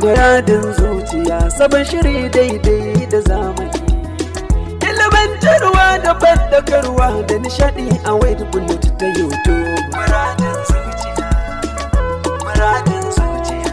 Muradin zuciya sabon shiri daidai da zamani. Ilimantarwa da bandakarwa da nishadi a wade bullet ta YouTube. Muradin zuciya, muradin zuciya.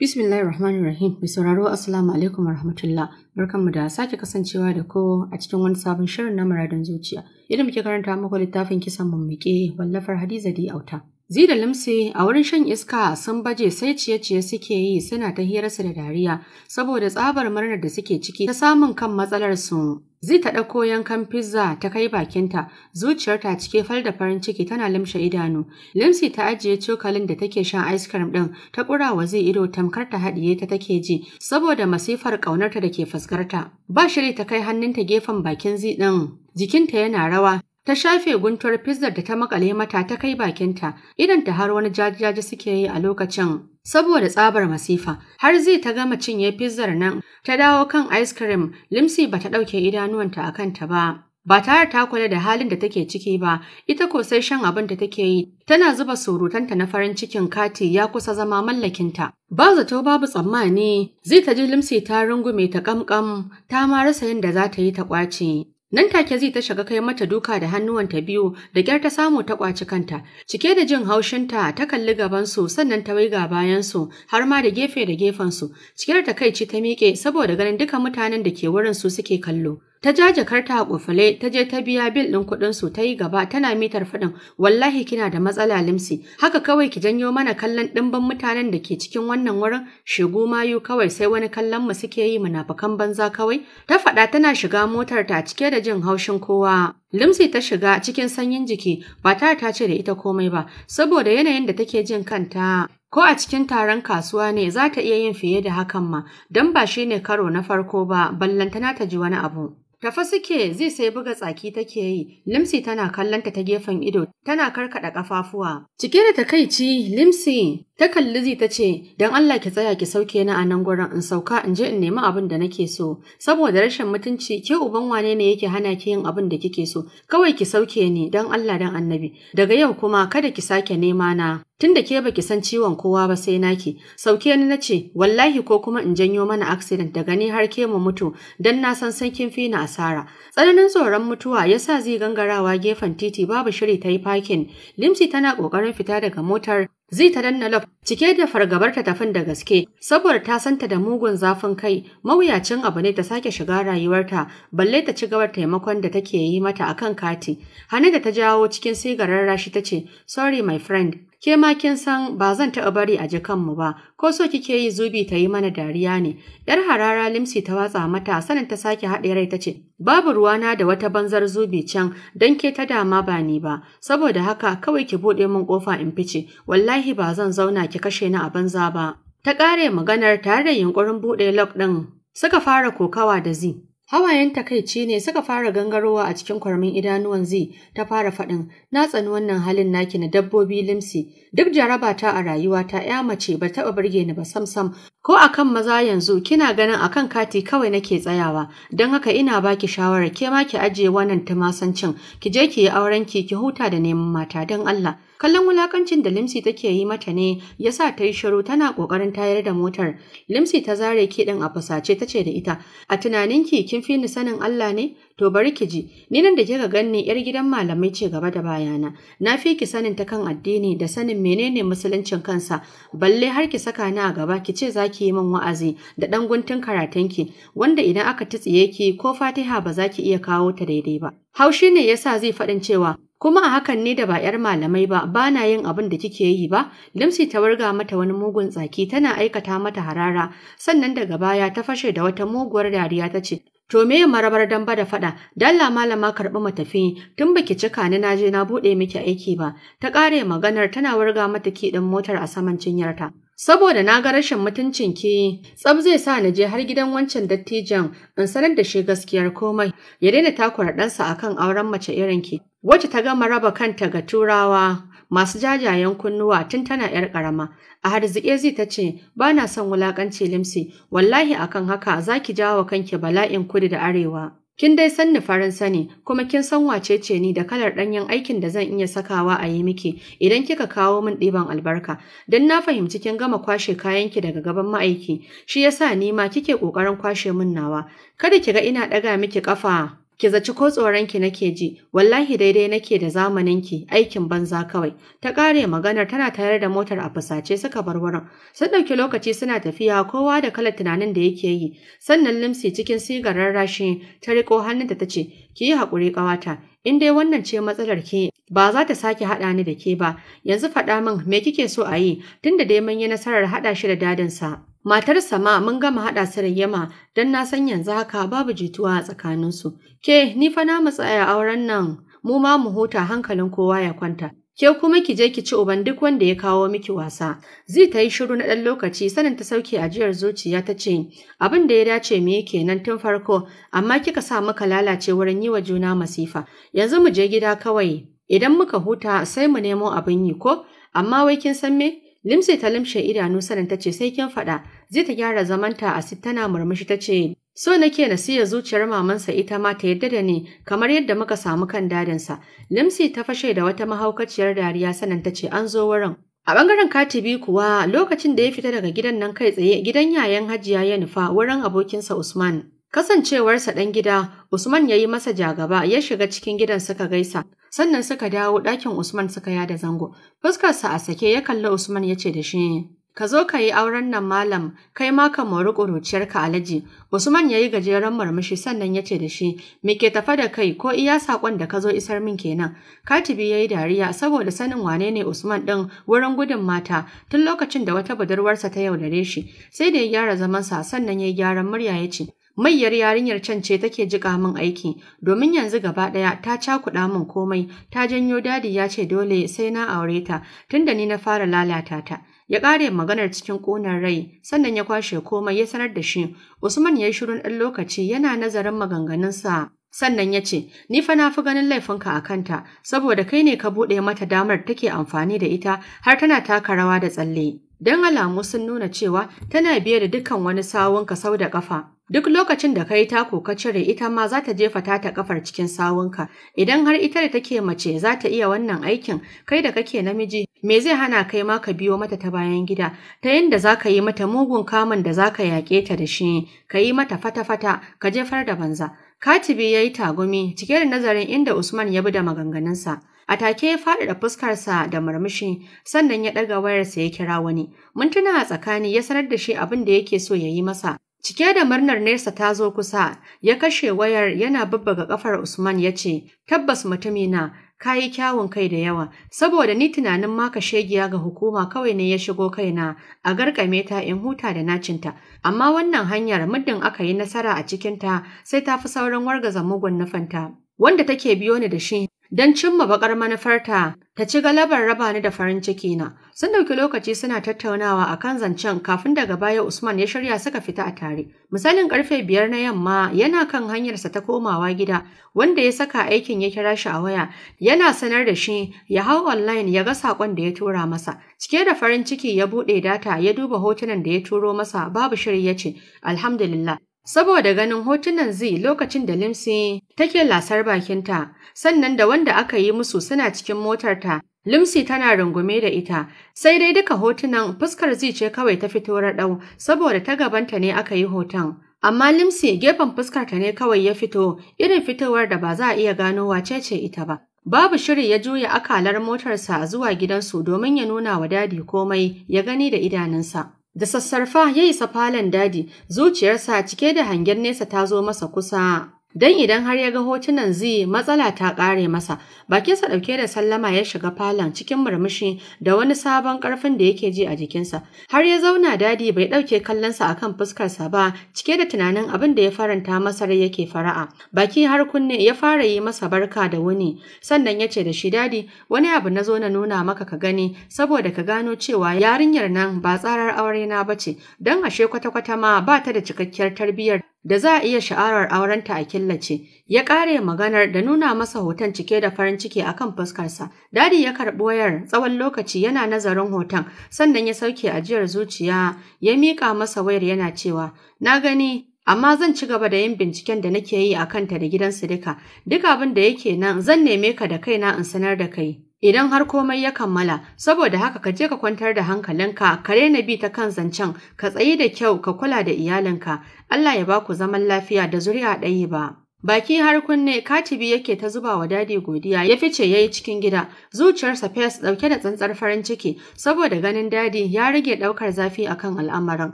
Bismillahir Rahmanir Rahim, mai sauraro Assalamu alaikum rahmatullah Barkanmu da sake kasancewa da ko a cikin wani sabon shirin na muradin zuciya. idan muke karanta muku littafin kisan mummuke wallafar Hadiza D. Auta. Zi da Limsi a wurin shan iska sun baje sai ciye-ciye suke yi suna ta hirarsu da dariya saboda tsabar murnar da suke ciki ta samun kan matsalar su. Zi ta ɗauko yankan pizza ta kai bakinta, zuciyarta cike fal da farin ciki tana limshe idanu. Limsi ta ajiye cokalin da take shan ice cream ɗin, ta ƙura wa zai ido tamkar ta haɗiye ta take ji saboda masifar ƙaunarta da ke fuskarta. Ba shiri ta kai hannunta gefen bakin zi ɗin jikinta yana rawa ta shafe guntuwar fizzar da ta makale mata ta kai bakinta idan ta har wani jajijaji suke yi a lokacin saboda tsabar masifa har zai ta gama cinye fizzar nan ta dawo kan ice cream limsi ba ta ɗauke idanuwanta a kanta ba ba tare ta kula da halin da take ciki ba ita ko sai shan abin da take yi tana zuba surutanta na farin cikin kati ya kusa zama mallakinta ba zato babu tsammani zai ta ji limsi ta rungume ta kamkam ta ma rasa yadda za ta yi ta kwace Nan take zai ta shiga kai mata duka da hannuwanta biyu da kyar ta samu ta kwaci kanta. Cike da jin haushinta ta kalli gabansu sannan ta waiga bayansu har ma da gefe da su, Cike da ci ta miƙe saboda ganin duka mutanen da ke wurin su suke kallo. ta ja jakarta a kofale ta je ta biya bil ɗin kuɗin su ta yi gaba tana mitar faɗin wallahi kina da matsala limsi haka kawai ki janyo mana kallon ɗimbin mutanen da ke cikin wannan wurin shigo mayu kawai sai wani kallon mu suke yi munafukan banza kawai ta faɗa tana shiga motar ta cike da jin haushin kowa Limsi ta shiga cikin sanyin jiki ba tare ta ce da ita komai ba saboda yanayin da take jin kanta ko a cikin taron kasuwa ne za ta iya yin fiye da hakan ma don ba shi ne karo na farko ba ballantana ta ji wani abu. Tafa suke zai sai buga tsaki take yi, Limsi tana kallonta ta gefen ido, tana karkaɗa ƙafafuwa. Cike da takaici, Limsi ta kalli zai ta ce, "Don Allah ki tsaya ki sauke na a nan gurin in sauka in je in nemi abin da nake so, saboda rashin mutunci ke uban wane ne yake hana ki yin abin da kike so, kawai ki sauke ni don Allah don annabi, daga yau kuma kada ki sake nema na." Tunda ke baki san ciwon kowa ba sai naki, sauke ni na ce, wallahi ko kuma in janyo mana accident daga ni har ke mu mutu, don na san san kin fi ni asara. Tsananin tsoron mutuwa ya sa zai gangarawa gefen titi babu shiri ta yi parking. Limsi tana ƙoƙarin fita daga motar Zai ta danna lof cike da fargabarta ta tafin da gaske saboda ta santa da mugun zafin kai mawuyacin abu ne ta sake shiga rayuwarta balle ta ci gabar taimakon da take yi mata akan kati. Hane da ta jawo cikin sigarar rashi ta ce, "Sorry my friend, Ke ma kin san ba zan taɓa bari a ji kanmu ba, ko so kike yi zubi ta yi mana dariya ne. ‘Yar harara limsi ta watsa mata sanin ta sake haɗe rai ta ce, Babu ruwana da wata banzar zubi can don ke ta dama ba ni ba, saboda haka kawai ki buɗe min ƙofa in fice, wallahi ba zan zauna ki kashe ni a banza ba. Ta ƙare maganar tare da yunƙurin buɗe lok ɗin suka fara kokawa da zi. Hawayen takaici ne suka fara gangarowa a cikin kwarmin idanuwan zi ta fara faɗin na tsani wannan halin naki na dabbobi limsi duk jarabata a rayuwa ta ya mace ba taɓa burge ni ba sam sam. Ko a kan maza yanzu kina ganin a kan kati kawai nake tsayawa don haka ina baki shawara ke ma ki ajiye wannan tumasancin ki je ki yi auren ki ki huta da neman mata don Allah. Kallon wulakancin da Limsi take yi mata ne ya sa ta yi shiru tana ƙoƙarin tayar da motar. Limsi ta zare ki ɗin a fasace ta ce da ita, a tunaninki kin fi ni sanin Allah ne? To bari ki ji, ni nan da kika ganni yar gidan malamai ce gaba da bayana. Na fi ki sanin ta kan addini da sanin menene musuluncin kansa, balle har ki saka ni a gaba ki ce za ki yi min wa'azi da ɗan guntun karatunki, wanda idan aka titsiye ki ko Fatiha ba za ki iya kawo ta daidai ba. Haushi ne yasa zai faɗin cewa kuma a hakan ne da ba 'yar malamai ba ba na yin abin da kike yi ba limsi ta warga mata wani mugun tsaki tana aikata mata harara sannan daga baya ta fashe da wata muguwar dariya ta ce To me marabar dan da fada, dalla malama mu tafi tun baki cika ni naje na buɗe miki aiki ba. Ta kare maganar tana wurga mata kiɗin motar a saman cinyarta. Saboda na ga rashin mutuncin ki, tsab zai sa naje har gidan wancan dattijan in sanar da shi gaskiyar komai, ya daina takura ɗansa akan auren mace irin ki, wacce ta gama raba kanta ga turawa, masu jajayen kunnuwa tun tana ‘yar ƙarama. A harzike ta ce, ba na son wulaƙanci limsi, wallahi akan haka za ki jawo kanki bala'in kudu da arewa. Kin dai san ni farin sani kuma kin san wace ce ni da kalar ɗanyen aikin da zan iya sakawa a yi miki idan kika kawo min ɗiban albarka. Don na fahimci kin gama kwashe kayanki daga gaban ma'aiki, shi yasa ni ma kike ƙoƙarin kwashe min nawa. Kada ki ga ina ɗaga miki ƙafa Ki zaci ko tsoronki nake ji, wallahi daidai nake da zamanin ki. aikin banza kawai. Ta ƙare maganar tana tayar da motar a fusace suka bar wurin. Sun ɗauki lokaci suna tafiya kowa da kalar tunanin da yake yi. Sannan Limsi cikin sigarar rashi ta riƙo hannunta ta ce, ki yi haƙuri ƙawata, in dai wannan ce matsalar ke ba za ta sake haɗa ni da ke ba, yanzu faɗa min me kike so a yi tunda dai mun yi nasarar haɗa shi da dadinsa. Matar sama mun gama haɗa su rayyama don na san yanzu haka babu jituwa a tsakaninsu. Ke, ni fa na mu tsaya auren nan, mu ma mu huta hankalin kowa ya kwanta. Ke kuma ki je ki ci uban duk wanda ya kawo miki wasa. Zai ta yi shiru na ɗan lokaci sanin ta sauke ajiyar zuciya ta ce, abin da ya dace me yake nan tun farko, amma kika sa muka lalace wurin yi wa juna masifa. Yanzu mu je gida kawai, idan muka huta sai mu nemo abin yi ko, amma wai kin san me? Limsi ta limshe idanu sanin ta ce sai kin faɗa, zai ta gyara zamanta a sit tana murmushi ta ce, So nake na siya zuciyar mamansa ita ma ta yadda da ni kamar yadda muka samu kan dadinsa. Limse ta fashe da wata mahaukaciyar dariya sanin ta ce an zo wurin. A bangaren katibi kuwa lokacin da ya fita daga gidan nan kai tsaye gidan yayan hajiya ya nufa wurin abokinsa Usman. Kasancewarsa ɗan gida, Usman ya yi masa jagaba ya shiga cikin gidan suka gaisa. sannan suka dawo ɗakin Usman suka yada zango. Fuskarsa a sake ya kalli Usman ya ce da shi, Ka zo ka yi auren nan malam, kai ma ka mori ƙuruciyarka alaji. Usman ya yi gajeren murmushi sannan ya ce da shi, Me ke tafa da kai ko iya saƙon da ka zo isar min kenan. Katibi ya yi dariya saboda sanin wane ne Usman ɗin wurin gudun mata tun lokacin da wata budurwarsa ta yaudare shi. Sai da ya gyara zamansa sannan ya yi gyaran murya ya ce, Mayyar yarinyar can ce take jiƙa min aiki, domin yanzu gaba ɗaya ta cakuɗa min komai, ta janyo dadi ya ce dole sai na aure ta, tunda ni na fara lalata ta. Ya ƙare maganar cikin ƙunar rai, sannan ya kwashe komai ya sanar da shi. Usman ya yi shirin ɗan lokaci yana nazarin maganganunsa sannan ya ce, Ni fa na fi ganin laifinka a kanta, saboda kai ne ka buɗe mata damar take amfani da ita har tana taka rawa da tsalle. Don alamu sun nuna cewa tana biye da dukkan wani sawunka sau da ƙafa. Duk lokacin da ka yi tako ka cire ita ma za ta jefa ta ta kafar cikin sawunka. Idan har ita da take mace za ta iya wannan aikin, kai da kake namiji, me zai hana kai ma ka biyo mata ta bayan gida, ta yadda za ka yi mata mugun kamun da za ka yaƙe ta da shi, ka yi mata fata-fata, ka jefar da banza. Katibi ya yi tagumi cike da nazarin inda Usman ya bi da maganganunsa. A take ya faɗaɗa fuskarsa da murmushi, sannan ya ɗaga wayarsa ya kira wani. Mintuna a tsakani ya sanar da shi abin da yake so ya yi masa, Cike da murnar nesa ta zo kusa, ya kashe wayar yana babbaga kafar Usman ya ce, Tabbas mutumina, ka yi kyawun kai da yawa, saboda ni tunanin maka shegiya ga hukuma kawai ne ya shigo kaina a garkame ta in huta da nacinta. Amma wannan hanyar muddin aka yi nasara a cikinta sai ta fi sauran wargaza mugun nufanta. Wanda take biyo ni da shi Don cimma baƙar manufarta ta ci galabar raba ni da farin ciki na. Sun ɗauki lokaci suna tattaunawa a kan zancen kafin daga baya Usman ya shirya suka fita a tare. Misalin karfe biyar na yamma yana kan hanyarsa ta komawa gida wanda ya saka aikin ya kira shi a waya yana sanar da shi ya hau online ya ga sakon da ya tura masa. Cike da farin ciki ya buɗe data ya duba hotunan da ya turo masa babu shiri ya ce alhamdulillah saboda ganin hotunan zi lokacin da Limsi take lasar bakinta, sannan da wanda aka yi musu suna cikin motarta, Limsi tana rungume da ita, sai dai duka hotunan fuskar zi ce kawai ta fito raɗau saboda ta gabanta ne aka yi hoton. Amma Limsi gefen fuskarta ne kawai ya fito, irin fitowar da ba za a iya gano wace ce ita ba. Babu shiri ya juya akalar motarsa zuwa gidansu domin ya nuna wa dadi komai ya gani da idanunsa. Da sassarfa ya isa falon dadi, zuciyarsa cike da hangen nesa ta zo masa kusa. don idan har ya ga hotunan zai matsala ta ƙare masa bakinsa ɗauke da sallama ya shiga falon cikin murmushi da wani sabon ƙarfin da yake ji a jikinsa har ya zauna dadi bai ɗauke kallonsa a kan fuskarsa ba cike da tunanin abin da ya faranta masa rai yake fara'a baki har kunne ya fara yi masa barka da wuni sannan ya ce da shi dadi wani abu na zo na nuna maka ka gani saboda ka gano cewa yarinyar nan ba tsarar aure na bace don ashe kwata-kwata ma ba ta da cikakkiyar tarbiyyar da za a iya sha'arar aurenta a killace. Ya ƙare maganar da nuna masa hoton cike da farin ciki a kan fuskarsa. Dadi ya karɓi wayar tsawon lokaci yana nazarin hoton, sannan ya sauke ajiyar zuciya ya miƙa masa wayar yana cewa, Na gani, amma zan ci gaba da yin binciken da nake yi a kanta da gidansu duka. Duk abin da yake nan zan neme ka da kaina in sanar da kai. Idan har komai ya kammala, saboda haka ka je ka kwantar da hankalinka, ka rena bi ta kan zancen, ka tsayi da kyau, ka kula da iyalinka. Allah ya ba ku zaman lafiya da zuri'a ɗaya ba. Baki har kunne katibi yake ta zuba wa dadi godiya ya fice ya yi cikin gida zuciyarsa fes dauke da tsantsar farin ciki saboda ganin dadi ya rage ɗaukar zafi akan al'amarin.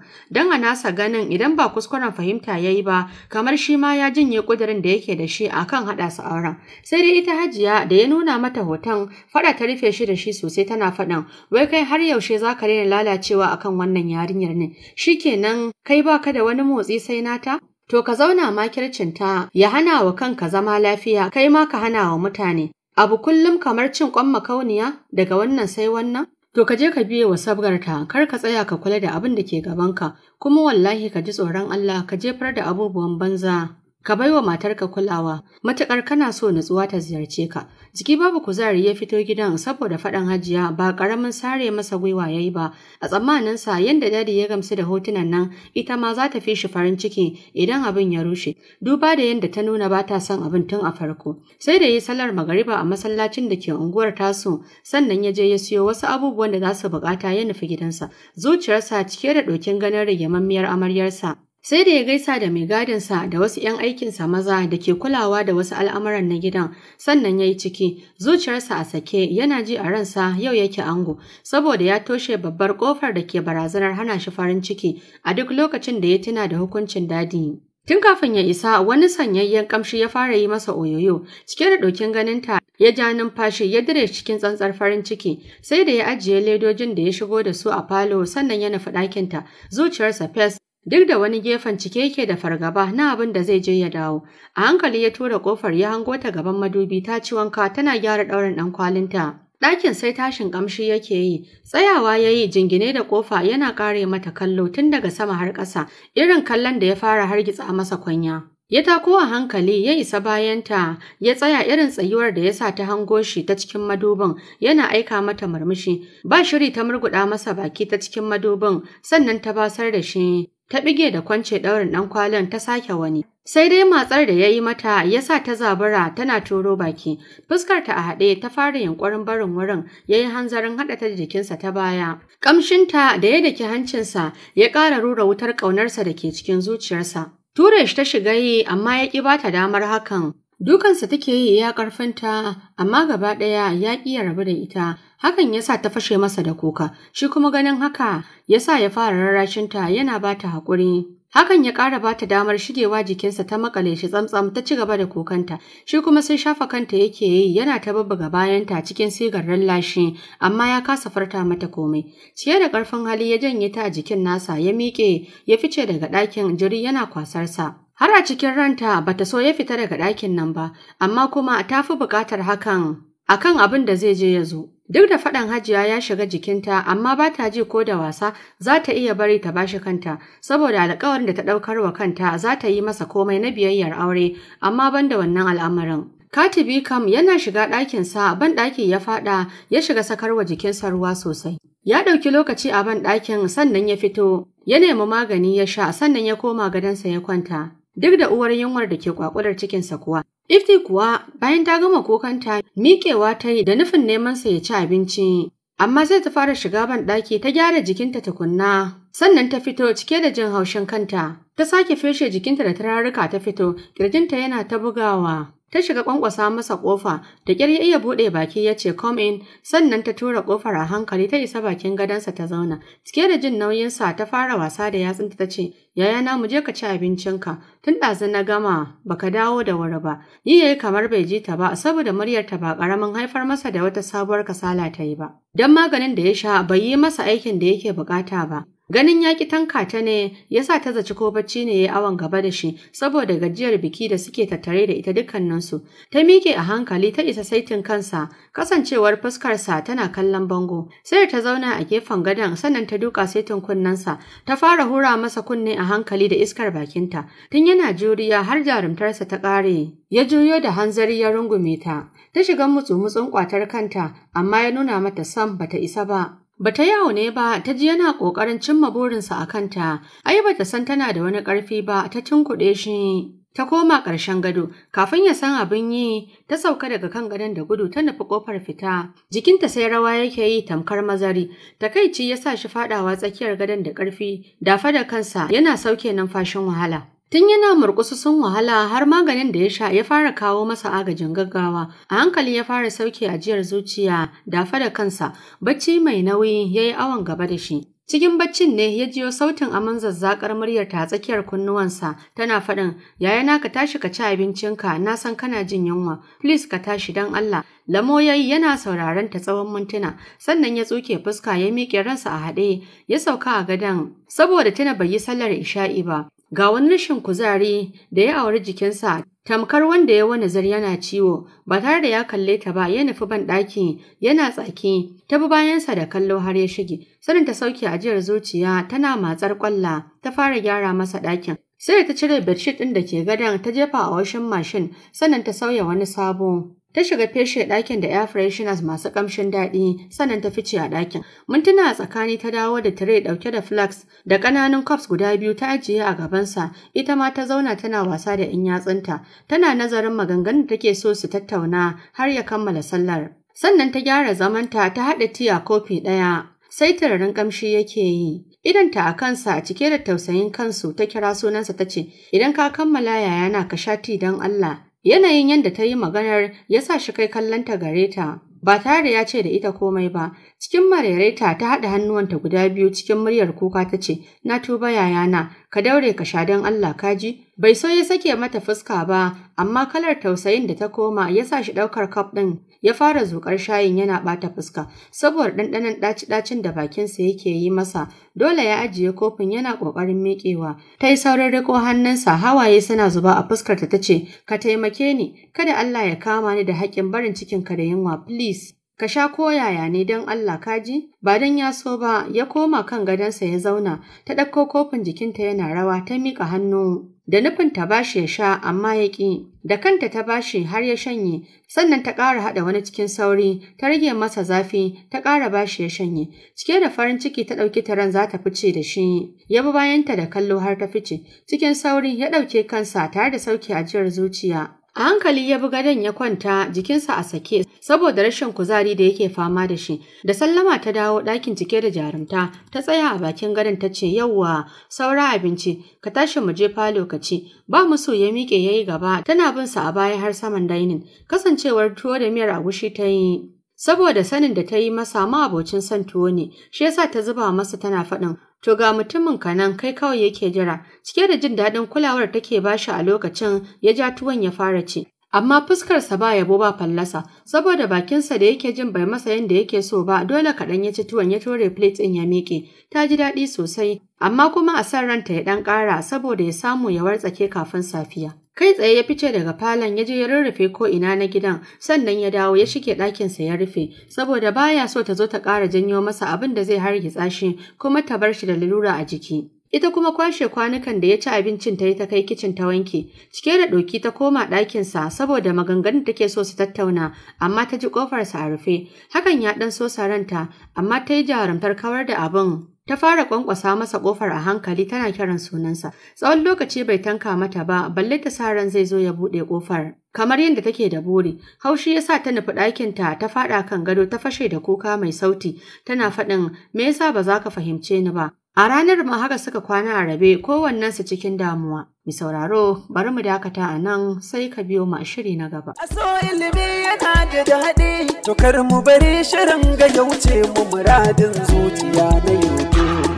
Don a nasa ganin idan ba kuskuren fahimta ya yi ba kamar shi ma ya jinye kudirin da yake da shi akan haɗa su auren. Sai dai ita hajiya da ya nuna mata hoton faɗa ta rufe shi da shi sosai tana faɗan wai kai har yaushe za ka daina lalacewa akan wannan yarinyar ne shikenan kai baka da wani motsi sai nata To ka zauna makircinta ya hana wa kanka zama lafiya kai ma ka hana wa mutane. Abu kullum kamar cin kwan makauniya daga wannan sai wannan? To ka je ka biye wa sabgarta kar ka tsaya ka kula da abin da ke gabanka kuma wallahi ka ji tsoron Allah ka jefar da abubuwan banza. Ka baiwa matarka kulawa, matuƙar kana so natsuwa ta ziyarce ka. Jiki babu kuzari ya fito gidan saboda faɗan hajiya ba ƙaramin sare masa gwiwa ya yi ba. A tsammanin sa yadda dadi ya gamsu da hotunan nan ita ma za ta fi shi farin ciki idan abin ya rushe. Duba da yadda ta nuna ba ta son abin tun a farko. Sai da yi salar magariba a masallacin da ke unguwar tasu sannan ya je ya siyo wasu abubuwan da za su buƙata ya nufi gidansa. Zuciyarsa cike da ɗokin ganin rigimammiyar amaryarsa. Sai da ya gaisa da mai gadinsa da wasu ‘yan aikinsa maza da ke kulawa da wasu al'amuran na gidan, sannan ya yi ciki, zuciyarsa a sake yana ji a ransa yau yake ango, saboda ya toshe babbar ƙofar da ke barazanar hana shi farin ciki a duk lokacin da ya tuna da hukuncin dadi. Tun kafin ya isa wani sanyayyen kamshi ya fara yi masa oyoyo, cike da ɗokin ganinta ya ja numfashi ya dire cikin tsantsar farin ciki, sai da ya ajiye ledojin da ya shigo da su a falo sannan ya nufi ɗakinta, zuciyarsa fes Duk da wani gefen cike yake da fargaba na abin da zai je ya dawo, a hankali ya tura kofar ya hango ta gaban madubi ta ci wanka tana gyara ɗaurin ɗan kwalinta. Ɗakin sai tashin ƙamshi yake yi, tsayawa ya yi jingine da ƙofa yana ƙare mata kallo tun daga sama har ƙasa, irin kallon da ya fara hargitsa masa kwanya. Ya tako a hankali ya isa bayanta ya tsaya irin tsayuwar da ya sa ta hango shi ta cikin madubin yana aika mata murmushi ba shiri ta murguda masa baki ta cikin madubin sannan ta basar da shi ta bige da kwance daurin dan kwalin ta sake wani sai dai matsar da ya yi mata ya sa ta zabura tana turo baki fuskar ta a haɗe ta fara yankwarin barin wurin ya yi hanzarin haɗa ta jikinsa ta baya ƙamshinta da ya daki hancinsa ya ƙara rura wutar ƙaunarsa da ke cikin zuciyarsa Ture ta shiga yi amma ya ƙi ba ta damar hakan. Dukansa take yi ya ƙarfinta amma gaba ɗaya ya ƙi ya rabu da ita. Hakan ya sa ta fashe masa da kuka, shi kuma ganin haka ya sa ya fara rarrashinta yana ba ta haƙuri. Hakan ya ƙara ba ta damar shigewa jikinsa ta makale shi tsamtsam ta ci gaba da kokanta, shi kuma sai shafa kanta yake yi yana ta babbaga bayanta cikin sigarren lashi, amma ya kasa farta mata komai. Ciye da ƙarfin hali ya janye ta a jikin nasa ya miƙe ya fice daga ɗakin jiri yana kwasarsa. Har a cikin ranta ba ta so ya fita daga ɗakin nan ba, amma kuma ta fi buƙatar hakan akan abin da zai je ya zo. Duk da faɗan Hajiya ya shiga jikinta, amma ba ta ji ko da wasa za ta iya bari ta bashi kanta, saboda alƙawarin da ta ɗaukar wa kanta za ta yi masa komai na biyayyar aure, amma ban da wannan al'amarin. Katibi kam yana shiga ɗakinsa ban ɗaki ya faɗa ya shiga sakarwa jikinsa ruwa sosai. Ya ɗauki lokaci a ban ɗakin sannan ya fito, ya nemi magani ya sha sannan ya koma gadansa ya kwanta. Duk da uwar yunwar da ke kwakular cikinsa kuwa, Ifti kuwa bayan ta gama kokanta miƙewa ta yi da nufin neman sa ya ci abinci. Amma sai ta fara shiga ban ɗaki ta gyara jikinta tukunna. Sannan ta fito cike da jin haushin kanta. Ta sake feshe jikinta da tararruka ta fito, ƙirjinta yana ta bugawa. ta shiga kwankwasa masa ƙofa. da kyar ya iya buɗe baki ya ce come in sannan ta tura kofar a hankali ta isa bakin gadansa ta zauna cike da jin nauyin sa ta fara wasa da yatsun ta ce yaya na mu je ka ci abincinka tun ɗazu na gama baka dawo da wuri ba yi yayi kamar bai ji ta ba saboda muryar ta ba karamin haifar masa da wata sabuwar kasala ta yi ba dan maganin da ya sha bai yi masa aikin da yake bukata ba Ganin ya ki tanka ta ne ya sa ta zaci ko bacci ne ya yi awon gaba da shi saboda gajiyar biki da suke tattare da ita dukkaninsu. Ta miƙe a hankali ta isa saitin kansa kasancewar fuskarsa tana kallon bango. Sai ta zauna a gefen gadon sannan ta duka saitin kunnensa ta fara hura masa kunne a hankali da iskar bakinta. Tun yana juriya har jarumtarsa ta ƙare. Ya juyo da hanzari ya rungume ta. Ta shiga mutsu-mutsun kwatar kanta amma ya nuna mata sam bata isa ba. Ba ta yawo ne ba, ta ji yana ƙoƙarin cimma burinsa a kanta, ai ba ta san tana da wani ƙarfi ba, ta kuɗe shi. Ta koma ƙarshen gado, kafin ya san abin yi, ta sauka daga kan gadon da gudu ta nufi ƙofar fita. Jikinta sai rawa yake yi tamkar mazari, takaici ya sa shi faɗawa tsakiyar gadon da ƙarfi, dafa da kansa yana sauke numfashin wahala. Tun yana murkusu sun wahala har maganin da ya sha ya fara kawo masa agajin gaggawa. A hankali ya fara sauke ajiyar zuciya dafa da kansa, bacci mai nauyi ya yi awon gaba da shi. Cikin baccin ne ya jiyo sautin aman zazzakar muryar ta tsakiyar kunnuwansa tana faɗin yaya na ka tashi ka ci abincinka na san kana jin yunwa please ka tashi don Allah Lamo ya yi yana sauraron ta tsawon mintuna, sannan ya tsuke fuska ya miƙe ransa a haɗe, ya sauka a gadon, saboda tana bai yi sallar isha'i ba. ga wani rashin kuzari da ya auri jikinsa tamkar wanda ya wani zar yana ciwo ba tare da ya kalle ta ba ya nufi ban ɗaki yana tsaki ta bi bayansa da kallo har ya shige sanin ta sauke ajiyar zuciya tana matsar kwalla ta fara gyara masa ɗakin sai da ta cire bedsheet ɗin da ke gadon ta jefa a washin mashin sannan ta sauya wani sabo Ta shiga feshe ɗakin da air fresheners masu ƙamshin daɗi sannan ta fice a ɗakin. Mintuna a tsakani ta dawo da tire ɗauke da flax da ƙananan cups guda biyu ta ajiye a gabansa, ita ma ta zauna tana wasa da ‘yan yatsunta, tana nazarin maganganu da take so su tattauna har ya kammala sallar. Sannan ta gyara zamanta ta haɗa a kofi ɗaya, sai turarin ƙamshi yake yi. idanta a kansa cike da tausayin kansu ta kira sunansa ta ce, Idan ka kammala yayana ka sha ti don Allah, Yanayin yadda ta yi maganar ya sa shi kai kallon ta gare ta, ba tare da ya ce da ita komai ba, cikin marairaita ta haɗa hannuwanta guda biyu cikin muryar kuka ta ce, Na tuba yayana, ka daure ka sha don Allah kaji bai so ya sake mata fuska ba amma kalar tausayin da ta koma ya sa shi ɗaukar kaf ɗin ya fara zuƙar shayin yana ɓata fuska saboda ɗanɗanon ɗaci-ɗacin da bakinsa yake yi masa dole ya ajiye kofin yana ƙoƙarin miƙewa ta yi saurin riko hannunsa hawaye suna zuba a fuskarta ta ce ka taimake ni kada Allah ya kama ni da haƙƙin barin cikinka da yunwa please Ka sha koyaya ne don Allah kaji Ba don ya so ba, ya koma kan gadonsa ya zauna, ta ɗauko kofin jikinta yana rawa ta miƙa hannu. Da nufin ta bashi ya sha amma ya ƙi, da kanta ta bashi har ya shanye, sannan ta ƙara haɗa wani cikin sauri, ta rage masa zafi, ta ƙara bashi ya shanye. Cike da farin ciki ta ɗauki taron za ta fice da shi, ya bi bayanta da kallo har ta fice, cikin sauri ya ɗauke kansa tare da sauke ajiyar zuciya. A hankali ya bi gadon ya kwanta jikinsa a sake saboda rashin kuzari da yake fama da shi. Da sallama ta dawo ɗakin cike da jarumta, ta tsaya a bakin gadon ta ce yauwa saura abinci, ka tashi mu je falo ka ci. Ba musu ya miƙe ya yi gaba, tana bin sa a baya har saman dainin. Kasancewar tuwo da miyar agushi ta yi. Saboda sanin da ta yi masa ma abocin son tuwo ne, shi yasa ta zuba masa tana faɗin To ga mutumin ka nan kai kawai yake jira, cike da jin daɗin kulawar take ba shi a lokacin ya ja tuwon ya fara ci. Amma fuskarsa ba yabo ba fallasa, saboda bakinsa da yake jin bai masa yadda yake so ba dole kaɗan ya ci tuwon ya tore plate ɗin ya miƙe. Ta ji daɗi sosai, amma kuma a san ranta ya ɗan ƙara saboda ya samu ya wartsake kafin safiya. Kai tsaye ya fice daga falon ya je ya rurrufe ko ina na gidan sannan ya dawo ya shige ɗakinsa ya rufe saboda baya so ta zo ta ƙara janyo masa abin da zai hargitsa shi kuma ta bar shi da lalura a jiki. Ita kuma kwashe kwanukan da ya ci abincin ta yi ta kai kicin ta wanke, cike da ɗoki ta koma ɗakinsa saboda maganganun da take so su tattauna, amma ta ji ƙofarsa a rufe. Hakan ya ɗan so ranta, amma ta yi jarumtar kawar da abin Ta fara kwankwasa masa kofar a hankali tana kiran sunansa. Tsawon lokaci bai tanka mata ba, balle ta sa ran zai zo ya buɗe kofar. Kamar yadda take da buri, haushi ya sa ta nufi ɗakinta ta faɗa kan gado ta fashe da kuka mai sauti, tana faɗin me yasa ba za ka fahimce ni ba. A ranar ma haka suka kwana a rabe kowannensu cikin damuwa. Mi sauraro bari mu dakata a nan sai ka biyo mu a shiri na gaba. A so ilimi yana da daɗi, to kar mu bari shirin ga yauce mu muradin zuciya na yau.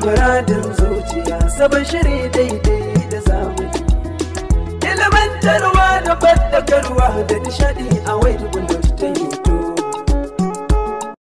faradin zuciya sabon shiri daidai da zamani ilimantarwa da fadakarwa da nishadi a wai tukun da ta yi